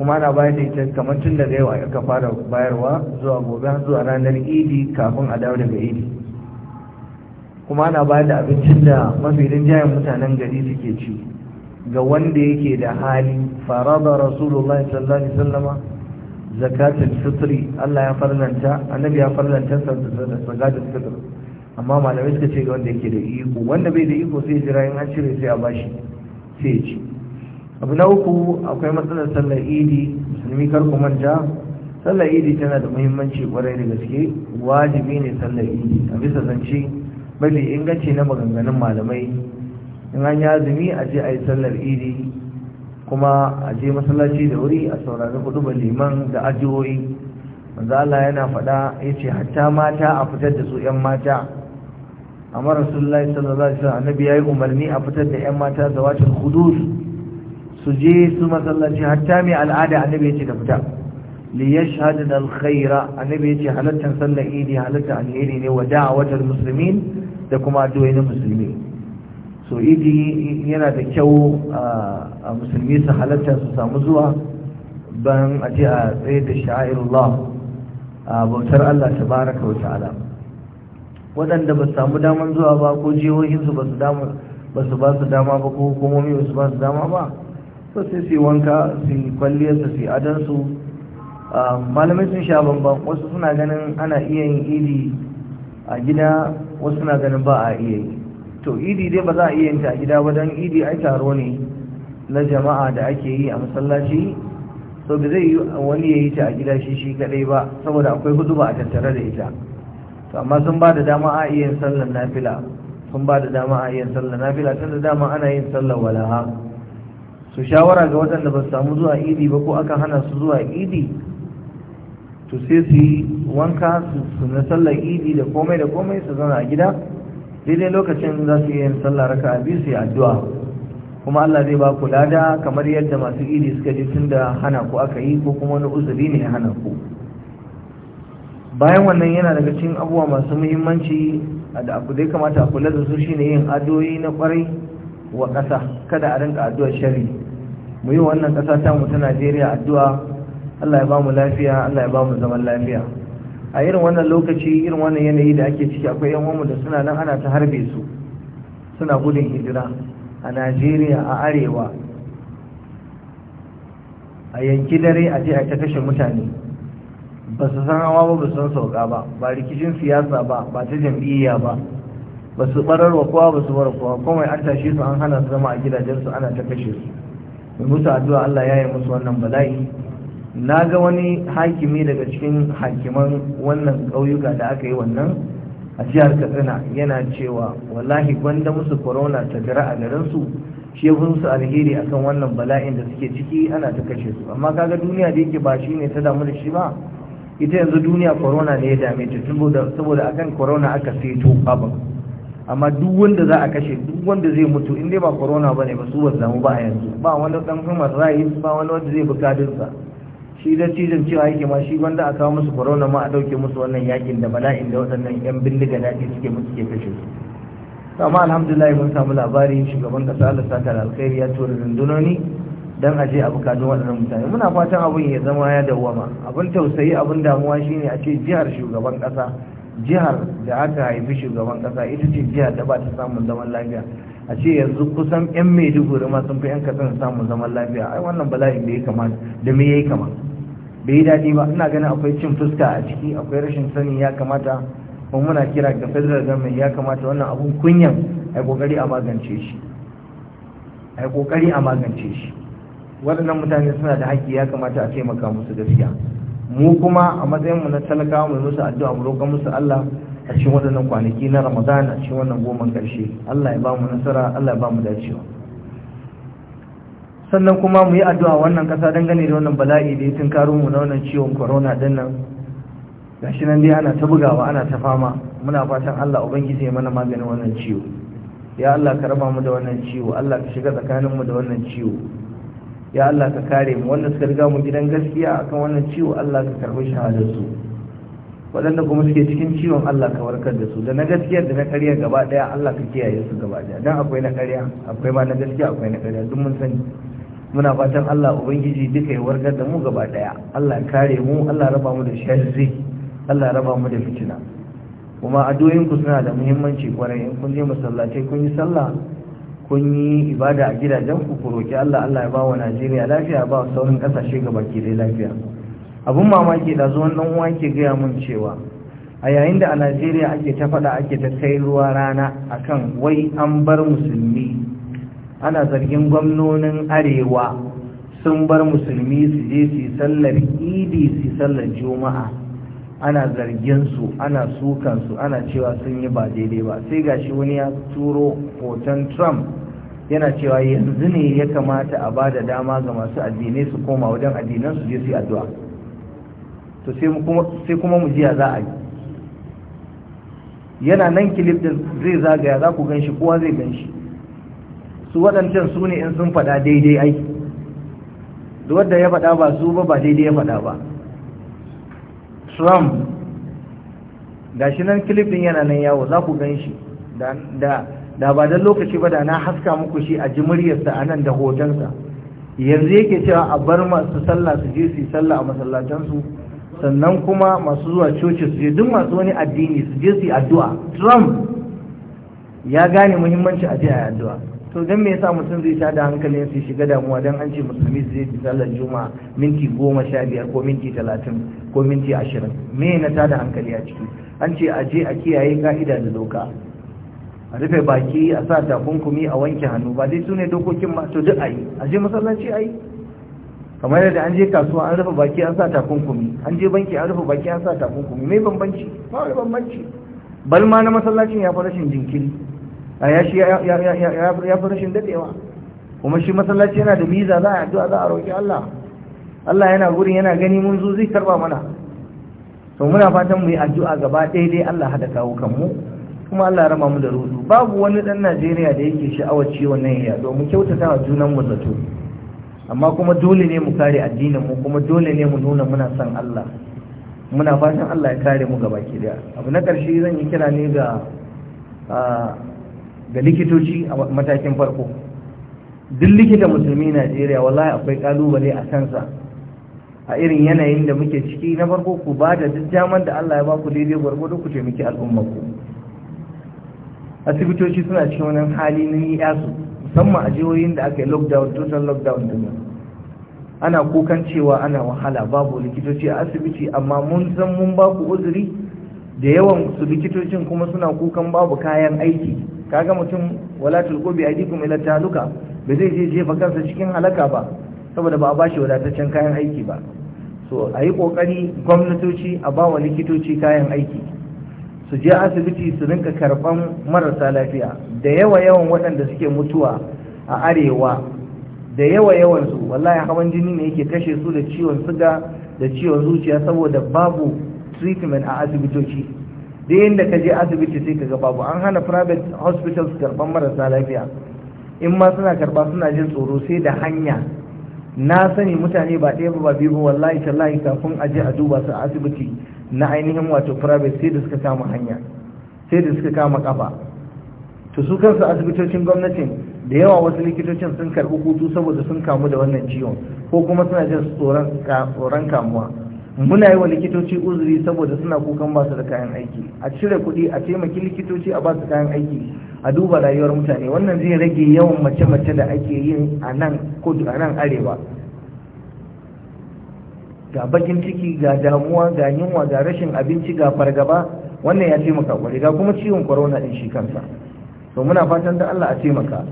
Speaker 1: kuma ana bayar da ita kamar tun daga yau aka fara bayarwa zuwa gobe har zuwa ranar idi kafin a dawo daga idi kuma ana bayar da abincin da mafi rinjayen mutanen gari suke ci ga wanda yake da hali farada rasulullah sallallahu alaihi wasallam zakatul fitri Allah ya farlanta annabi ya farlanta zakatul fitr amma malamai suka ce ga wanda yake da iko wanda bai da iko sai jira in an cire sai a bashi sai ya ci abu na uku akwai matsalar sallar idi musulmi kar ku manta sallar idi tana da muhimmanci kwarai da gaske wajibi ne sallar idi a bisa zance mafi inganci na maganganun malamai in an yi azumi a je a yi sallar idi kuma a je masallaci da wuri a saurari hudu liman da ajiyoyi manzo Allah yana faɗa ce, hatta mata a fitar da su ƴan mata amma rasulullahi sallallahu alaihi wasallam annabi yayi umarni a fitar da 'yan mata zawatul hudud su je su masallaci hatta mai al'ada annabi ya ce da fita Liya yashhadna alkhaira annabi ya ce halattan sallar idi halartar alheri ne wa da'awatul muslimin da kuma addu'o'i na musulmi so idi yana da kyau a musulmi su halatta su samu zuwa ban a ce a tsaye da sha'irullah a bautar Allah baraka wa ta'ala waɗanda ba su samu daman zuwa ba ko jihohinsu ba su ba su ba su dama ba ko hukumomi ba su ba su dama ba so sai su yi wanka su yi kwalliyar su su yi adansu um, malamai sun sha bambam wasu suna ganin ana iya yin idi a gida wasu suna ganin ba a iya yi to idi dai ba za a iya yin ta a gida ba don idi ai taro ne na jama'a da ake yi a masallaci so ba zai yi wani ya yi ta a gida shi shi kadai ba saboda akwai hudu ba a tattare da ita to amma sun ba da dama a iya yin sallar nafila sun ba da dama a iya yin sallar nafila tun da dama ana yin sallar walaha su shawara ga waɗanda ba su samu zuwa idi ba ko aka hana su zuwa idi to sai su yi wanka su na sallar idi da komai da komai su zana a gida daidai lokacin za su yi yin sallar raka a biyu su yi addu'a kuma Allah zai ba ku lada kamar yadda masu idi suka ji tun da hana ku aka yi ko kuma wani uzuri ne ya hana ku bayan wannan yana daga cikin abubuwa masu muhimmanci da abu dai kamata a kula da su shine yin addu'o'i na kwarai wa ƙasa kada a rinka addu'ar shari'a mu yi wannan ƙasa ta mu ta Najeriya addu'a Allah ya ba mu lafiya Allah ya ba mu zaman lafiya a irin wannan lokaci irin wannan yanayi da ake ciki akwai yan mu da suna nan ana ta harbe su suna gudun hijira a Najeriya a arewa a yanki dare a je a ta kashe mutane ba su san hawa ba ba su san sauka ba ba rikicin siyasa ba ba ta jam'iyya ba ba su wa kowa ba su kowa komai an tashi su an hana su zama a gidajensu ana ta kashe su mai musu addu'a Allah ya yi musu wannan bala'i na ga wani hakimi daga cikin hakiman wannan ƙauyuka da aka yi wannan a jihar katsina yana cewa wallahi gwanda musu corona ta gara a garinsu shehun su alheri akan wannan bala'in da suke ciki ana ta kashe su amma kaga duniya da yake ba shi ne ta damu da shi ba ita yanzu duniya corona ne ya dame ta saboda akan corona aka seto babu amma duk wanda za a kashe duk wanda zai mutu inda ba corona bane ba su ba zamu ba a yanzu ba wani dan kamar rights ba wani wanda zai bukadin sa shi da cizon cewa yake ma shi wanda a kawo musu corona ma a dauke musu wannan yakin da bala'in da waɗannan yan bindiga daɗi suke musu ke kashe su amma alhamdulillah mun samu labari shugaban kasa Allah saka da alkhairi ya tura rundunoni dan aje a kadin waɗannan mutane muna fatan abun ya zama ya dawwama abun tausayi abun damuwa shine a ce jihar shugaban kasa jihar da aka haifi shugaban kasa ita ce jihar da ba ta samun zaman lafiya a ce yanzu kusan 'yan maiduguri ma sun fi 'yan kasan samun zaman lafiya ai wannan bala'i da ya kama da me ya yi kama bai yi daɗi ba ina ganin akwai cin fuska a ciki akwai rashin sani ya kamata kuma muna kira ga federal government ya kamata wannan abun kunyan ai kokari a magance shi ai kokari a magance shi waɗannan mutane suna da haƙƙi ya kamata a taimaka musu gaskiya mu kuma a matsayin mu na talakawa mu musu addu'a mu roƙa musu Allah a cikin waɗannan kwanaki na Ramadan a cikin wannan goma ƙarshe Allah ya ba mu nasara Allah ya ba mu dacewa sannan kuma mu yi addu'a wannan ƙasa dangane da wannan bala'i da ya karo mu na wannan ciwon corona din nan gashi nan dai ana ta bugawa ana ta fama muna fatan Allah ubangiji ya mana maganin wannan ciwo ya Allah ka raba mu da wannan ciwo Allah ka shiga tsakanin mu da wannan ciwo ya Allah ka kare mu wanda suka riga mu gidan gaskiya akan wannan ciwo Allah ka karbi su waɗanda kuma suke cikin ciwon Allah ka warkar da su da na gaskiyar da na ƙarya gaba ɗaya Allah ka kiyaye su gaba ɗaya dan akwai na ƙarya akwai ma na gaskiya akwai na ƙarya duk mun sani muna fatan Allah ubangiji duka ya warkar da mu gaba ɗaya Allah ya kare mu Allah ya raba mu da sharri Allah ya raba mu da fitina kuma ku suna da muhimmanci kwarai in kun je masallaci kun yi sallah kun yi ibada a gidajen ku ku roki Allah Allah ya ba wa Najeriya lafiya ba sauran kasashe ke dai lafiya abun mamaki da zuwan dan uwa ke gaya mun cewa a yayin da a Najeriya ake ta fada ake ta kai ruwa rana akan wai an bar musulmi ana zargin gwamnonin arewa sun bar musulmi su je su sallar idi su sallar juma'a ana zargin su ana sukan su ana cewa sun yi ba daidai ba sai gashi wani ya turo hoton Trump yana cewa yanzu ne ya kamata a ba da dama ga masu addinai su koma wajen addinan su je su yi addu'a to sai kuma mu jiya za a yi yana nan kilif din zai zagaya za ku ganshi kowa zai ganshi su waɗancan su ne in sun faɗa daidai ai da wadda ya faɗa ba su ba ba daidai ya faɗa ba trump gashi nan kilif din yana nan yawo za ku ganshi da da ba don lokaci ba da na haska muku shi a ji muryarsa a nan da hotonsa yanzu yake cewa a bar masu sallah su je su sallah a masallatansu sannan kuma masu zuwa coci su je duk masu wani addini su je su yi addu'a trump ya gane muhimmanci a je a addu'a to don me yasa mutum zai sha da hankalin su shiga damuwa don an ce musulmi su je su sallar juma'a minti goma sha biyar ko minti talatin ko minti ashirin me na tada hankali a ciki an ce a je a kiyaye ka'ida da doka a rufe baki a sa takunkumi a wanke hannu ba dai su ne dokokin ma to duk ayi a je masallaci ayi. kamar yadda an je kasuwa an rufe baki an sa takunkumi an je banki an rufe baki an sa takunkumi mai bambanci ba wani bambanci bal ma na masallacin ya fi rashin jinkiri a ya shi ya fi rashin dadewa kuma shi masallaci yana da miza za a addu'a za a roƙi Allah Allah yana gurin yana gani mun zo zai karba mana to muna fatan mu yi addu'a gaba ɗaya dai Allah hada kawo kanmu kuma Allah rama mu da rudu babu wani ɗan Najeriya da yake sha'awar ciwon nan ya domin kyautata wa junan mu zato amma kuma dole ne mu kare addinin mu kuma dole ne mu nuna muna son Allah muna fatan Allah ya kare mu gaba ki da abu na karshe zan yi kira ne ga ga likitoci a matakin farko duk likita musulmi Najeriya wallahi akwai kalubale a kansa a irin yanayin da muke ciki na farko ku ba da duk damar da Allah ya ba ku daidai gwargwado ku taimaki al'ummar ku asibitoci suna cikin wani hali na yi yasu musamman a jihohin da aka yi lockdown total lockdown din ana kukan cewa ana wahala babu likitoci a asibiti amma mun san mun ba ku uzuri da yawan su likitocin kuma suna kukan babu kayan aiki kaga mutum wala tulqu bi aydikum ila taluka ba zai je jefa kansa cikin halaka ba saboda ba a bashi wadataccen kayan aiki ba so a yi kokari gwamnatoci a ba wa likitoci kayan aiki su je asibiti su rinka karban marasa lafiya da yawa yawan waɗanda suke mutuwa a arewa da yawa yawan su wallahi hawan jini ne yake kashe su da ciwon suga da ciwon zuciya saboda babu treatment a asibitoci da yadda ka je asibiti sai ka ga babu an hana private hospitals karban marasa lafiya in ma suna karba suna jin tsoro sai da hanya na sani mutane ba ɗaya ba biyu ba wallahi tallahi kafin a je a duba su a asibiti na ainihin wato private sai da suka kama hanya sai da suka kama kafa to su kansu asibitocin gwamnatin da yawa wasu likitocin sun karbi hutu saboda sun kamu da wannan ciwon ko kuma suna jin tsoron kamuwa muna yi wa likitoci uzuri saboda suna kukan basu da kayan aiki a cire kuɗi a taimaki likitoci a basu kayan aiki a duba rayuwar mutane wannan zai rage yawan mace-mace da ake yin a nan arewa ga bakin ciki ga damuwa ga yunwa ga rashin abinci ga fargaba wannan ya taimaka kwarai ga kuma ciwon corona din shi kansa to muna fatan da Allah a taimaka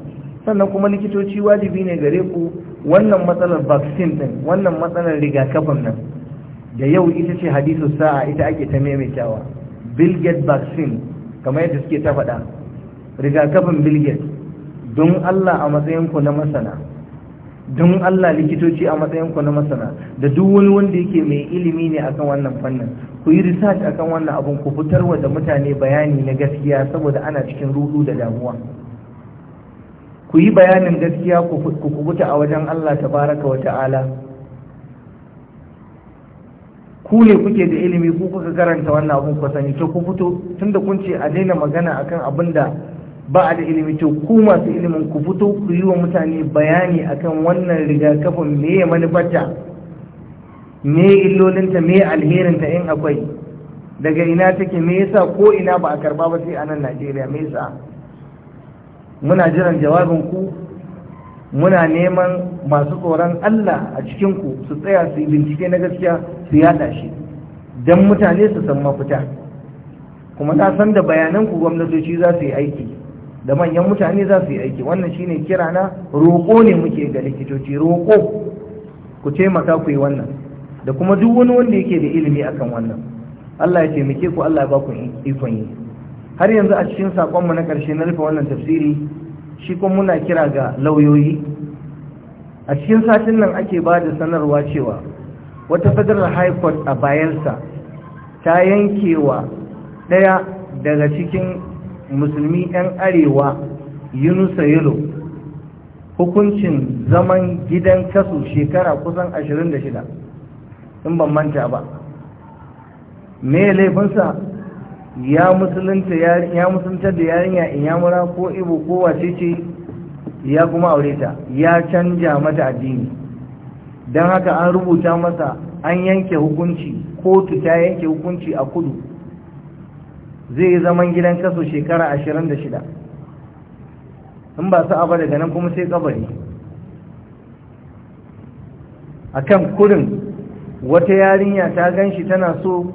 Speaker 1: sannan kuma likitoci wajibi ne gare ku wannan matsalar vaccine din wannan matsalar rigakafin nan da yau ita ce hadisu sa'a ita ake ta maimaitawa bill gates vaccine kamar yadda suke ta faɗa rigakafin bill gates don Allah a matsayin ku na masana don Allah likitoci a matsayin ku na masana da duk wani wanda yake mai ilimi ne akan wannan fannin ku yi research akan wannan abun ku fitarwa da mutane bayani na gaskiya saboda ana cikin rudu da damuwa ku yi bayanin gaskiya ku kubuta a wajen Allah tabaraka wa ta'ala ku ne kuke da ilimi ku kuka karanta wannan abun ku sani to ku fito tunda kun ce a daina magana akan abin da ba a da ilimi to ku masu ilimin ku fito ku yi wa mutane bayani akan wannan rigakafin me ya manufarta me illolinta me alherinta in akwai daga ina take me yasa ko ina ba a karba ba sai a nan Najeriya me yasa muna jiran jawabin ku muna neman masu tsoron Allah a cikin ku su tsaya su yi bincike na gaskiya su yada shi don mutane su san mafita kuma na san da bayananku gwamnatoci za su yi aiki da manyan mutane za su yi aiki wannan shine kira na roƙo ne muke ga likitoci roƙo ku taimaka ku yi wannan da kuma duk wani wanda yake da ilimi akan wannan Allah ya taimake ku Allah ya ba ku ikon yi har yanzu a cikin saƙonmu na ƙarshe na rufe wannan tafsiri shi kuma muna kira ga lauyoyi a cikin satin nan ake ba da sanarwa cewa wata federal high court a bayansa ta yankewa ɗaya daga cikin musulmi 'yan arewa yunusa yalo hukuncin zaman gidan kasu shekara kusan 26 in ban manta ba me laifinsa ya musulunta da yarinya in yamura ko ibo ko wace ce ya kuma aure ta ya canja mata addini don haka an rubuta masa an yanke hukunci kotu ta yanke hukunci a kudu zai yi zaman gidan kaso shekara ashirin da shida in ba su abu daga nan kuma sai kabari a kan kurin wata yarinya ta gan shi tana so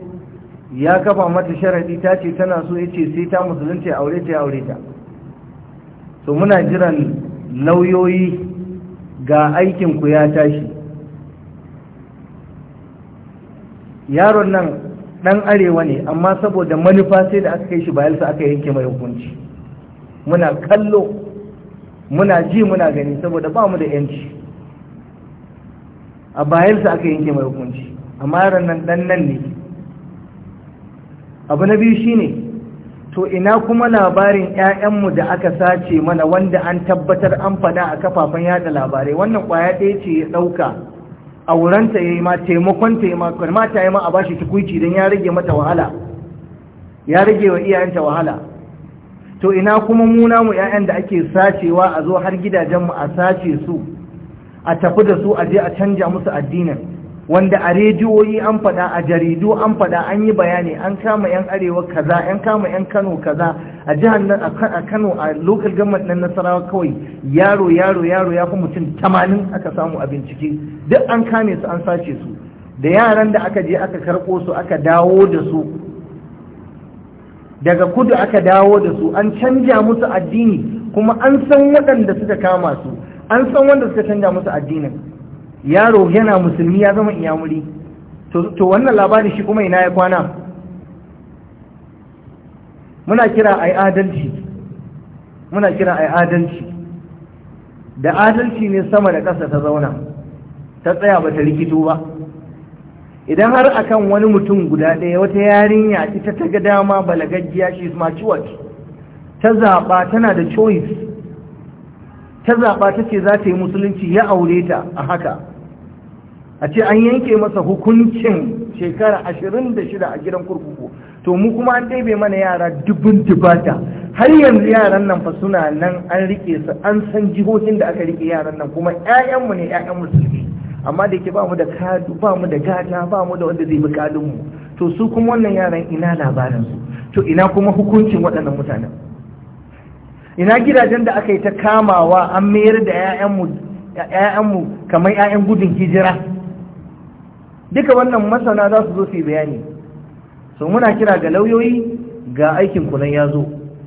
Speaker 1: ya kafa mata sharaɗi ta ce tana so ya ce sai ta musulunci aure ta aure ta so muna jiran lauyoyi ga aikinku ya tashi yaron nan dan arewa ne amma saboda manufa sai da aka kai shi bayelsa aka yanke mai hukunci muna kallo muna ji muna gani saboda ba mu da yanci a bayelsa aka yanke mai hukunci amma yaran nan dan nan ne abu na biyu shine to ina kuma labarin 'ya'yanmu da aka sace mana wanda an tabbatar an fada a kafafen yada labarai wannan kwaya ɗaya ce ya ɗauka aurenta ya yi ma taimakon taimakon mata ya ma a bashi tukuici don ya rage mata wahala ya rage wa iyayenta wahala to ina kuma muna mu 'ya'yan da ake sacewa a zo har gidajenmu a sace su a tafi da su a je a canja musu addinin wanda a rediyoyi an faɗa a jaridu an faɗa an yi bayani an kama 'yan arewa kaza an kama 'yan kano kaza a jihar nan a kano a local government na nasarawa kawai yaro yaro yaro ya fi mutum tamanin aka samu a bincike duk an kame su an sace su da yaran da aka je aka karɓo su aka dawo da su daga kudu aka dawo da su an canja musu addini kuma an san waɗanda suka kama su an san wanda suka canja musu addinin yaro yana musulmi ya zama iyamuri to wannan labarin shi kuma ina ya kwana muna kira a adalci muna kira a adalci da adalci ne sama da ƙasa ta zauna ta tsaya ba ta rikito ba idan har akan wani mutum guda ɗaya wata yarinya ita ta ga dama balagajiya shi matuwat ta zaɓa tana da choice ta zaɓa ta ce za ta yi musulunci ya aure ta a haka a ce an yanke masa hukuncin shekara ashirin da shida a gidan kurkuku to mu kuma an ɗebe mana yara dubun dubata har yanzu yaran nan fa suna nan an rike su an san jihohin da aka rike yaran nan kuma 'ya'yanmu ne ƴaƴan musulmi amma da ke ba mu da kadu ba mu da gata ba mu da wanda zai bi kadun mu to su kuma wannan yaran ina labarin su to ina kuma hukuncin waɗannan mutanen ina gidajen da aka yi ta kamawa an mayar da 'ya'yanmu kamar 'ya'yan gudun hijira duka wannan masana za su zo su yi bayani so muna kira ga lauyoyi ga aikin kunan ya zo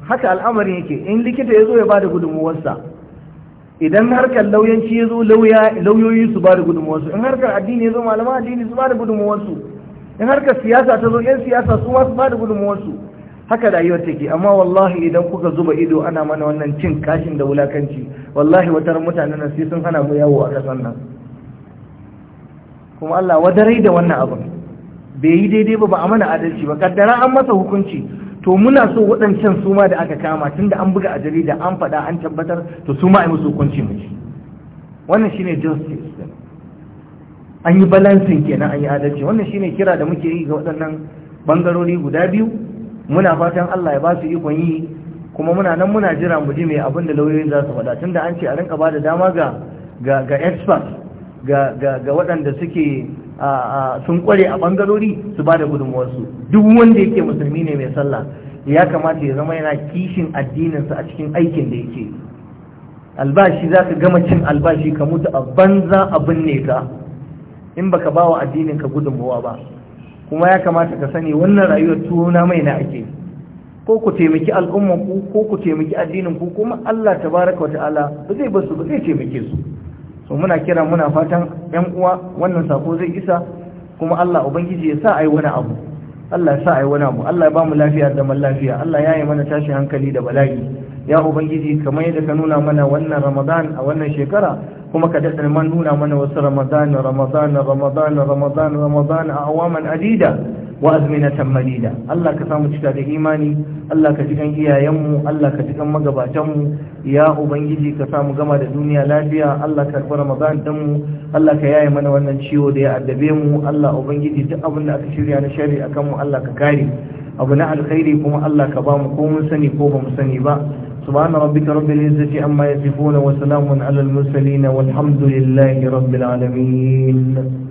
Speaker 1: haka al'amarin yake in likita ya zo ya ba da gudunmuwarsa idan harkar lauyanci ya zo lauyoyi su ba da gudunmuwarsu in harkar addini ya zo malama addini su ba da gudunmuwarsu in harkar siyasa ta zo yan siyasa su ma su ba da gudunmuwarsu haka rayuwar take amma wallahi idan kuka zuba ido ana mana wannan cin kashin da wulakanci wallahi ran mutanen nan sai sun hana mu yawo a kasan nan kuma Allah wadarai da wannan abin bai yi daidai ba ba a mana adalci ba kaddara an masa hukunci to muna so waɗancan suma da aka kama tun da an buga a jarida an faɗa an tabbatar to su ma a yi musu hukunci mu ci wannan shine justice an yi balancing kenan an yi adalci wannan shine kira da muke yi ga waɗannan bangarori guda biyu muna fatan Allah ya ba su ikon yi kuma muna nan muna jira mu ji mai abin da lauyoyin za su faɗa tunda an ce a rinka ba da dama ga ga experts ga waɗanda suke sun kware a ɓangarori su ba da gudunmuwarsu duk wanda yake musulmi ne mai sallah ya kamata ya zama yana kishin addininsa a cikin aikin da yake albashi za ka gama cin albashi ka mutu a banza a binne ka in baka ba wa addinin ka gudunmuwa ba kuma ya kamata ka sani wannan rayuwar tuna mai na ake ko ku taimaki al'umman ku ko ku taimaki addinin ku kuma Allah tabaraka wa ta'ala ba zai basu ba zai taimake su so muna kira muna fatan yan uwa wannan sako zai isa kuma Allah ubangiji ya sa ai wani abu Allah ya sa ai wani abu Allah ya ba mu lafiya da man lafiya Allah ya yi mana tashi hankali da bala'i ya ubangiji kamar yadda ka nuna mana wannan Ramadan a wannan shekara kuma ka daɗa man nuna mana wasu ramadana ramadana ramadana ramadana ramadana a awaman adida wa azminatan malida Allah ka samu cika da imani Allah ka jikan iyayenmu Allah ka jikan magabatanmu ya ubangiji ka samu gama da duniya lafiya Allah ka karɓi ramadan mu Allah ka yaye mana wannan ciwo da ya addabe mu Allah ubangiji duk abin da aka shirya na shari'a kanmu Allah ka kare abu na alkhairi kuma Allah ka ba mu ko mun sani ko ba mu sani ba subhana rabbika rabbil izzati amma
Speaker 2: yasifuna wa salamun alal mursalin walhamdulillahi rabbil alamin